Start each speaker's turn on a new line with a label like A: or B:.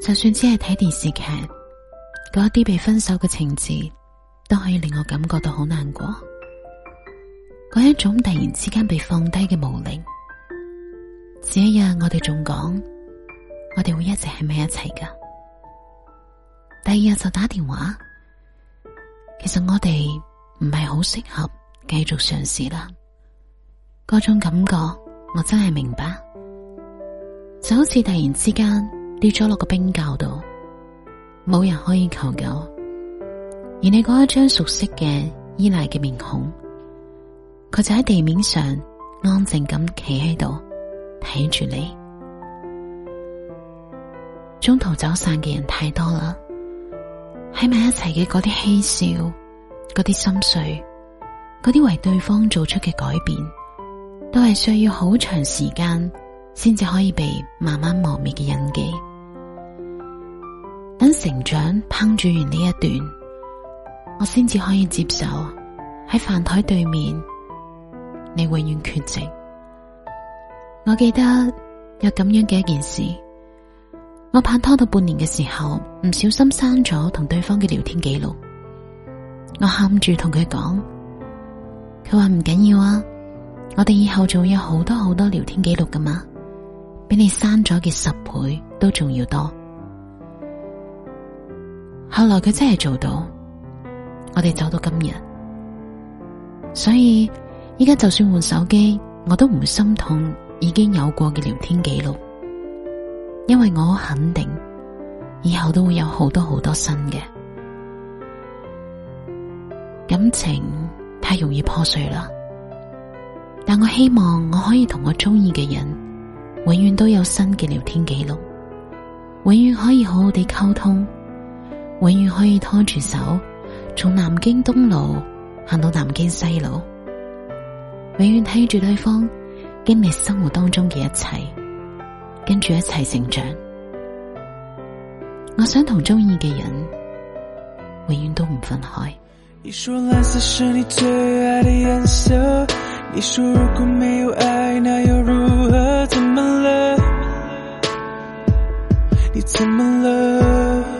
A: 就算只係睇電視劇，嗰啲被分手嘅情節，都可以令我感覺到好難過。嗰一種突然之間被放低嘅無力。這一日我哋仲講，我哋會一直喺埋一齊㗎。第二日就打電話，其實我哋唔係好適合繼續嘗試啦。嗰種感覺我真係明白，就好似突然之間。跌咗落個冰窖度，冇人可以求救，而你嗰一張熟悉嘅、依賴嘅面孔，佢就喺地面上安靜咁企喺度睇住你。中途走散嘅人太多啦，喺埋一齊嘅嗰啲嬉笑、嗰啲心碎、嗰啲為對方做出嘅改變，都係需要好長時間先至可以被慢慢磨滅嘅印記。成長烹煮完呢一段，我先至可以接受喺飯台對面你永遠缺席。我記得有咁樣嘅一件事，我拍拖到半年嘅時候唔小心刪咗同對方嘅聊天記錄，我喊住同佢講，佢話唔緊要啊，我哋以後仲會有好多好多聊天記錄噶嘛，俾你刪咗嘅十倍都仲要多。後來佢真係做到，我哋走到今日，所以依家就算換手機，我都唔心痛已經有過嘅聊天記錄，因為我肯定以後都會有好多好多新嘅感情，太容易破碎啦。但我希望我可以同我中意嘅人，永遠都有新嘅聊天記錄，永遠可以好好地溝通。永遠可以拖住手，從南京東路行到南京西路，永遠睇住對方，經歷生活當中嘅一切，跟住一齊成長。我想同鍾意嘅人，永遠都唔分開。
B: 你說藍色是你最愛的顏色，你說如果沒有愛，那又如何？怎麼了？怎麼了？你怎麼了？